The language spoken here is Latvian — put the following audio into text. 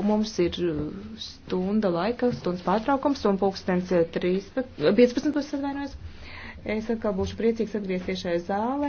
un mums ir uh, stunda laika, stundas pārtraukums, un pulkstens 15. Uh, uh, atvainojas. Es atkal būšu priecīgs atgriezties šai zālē.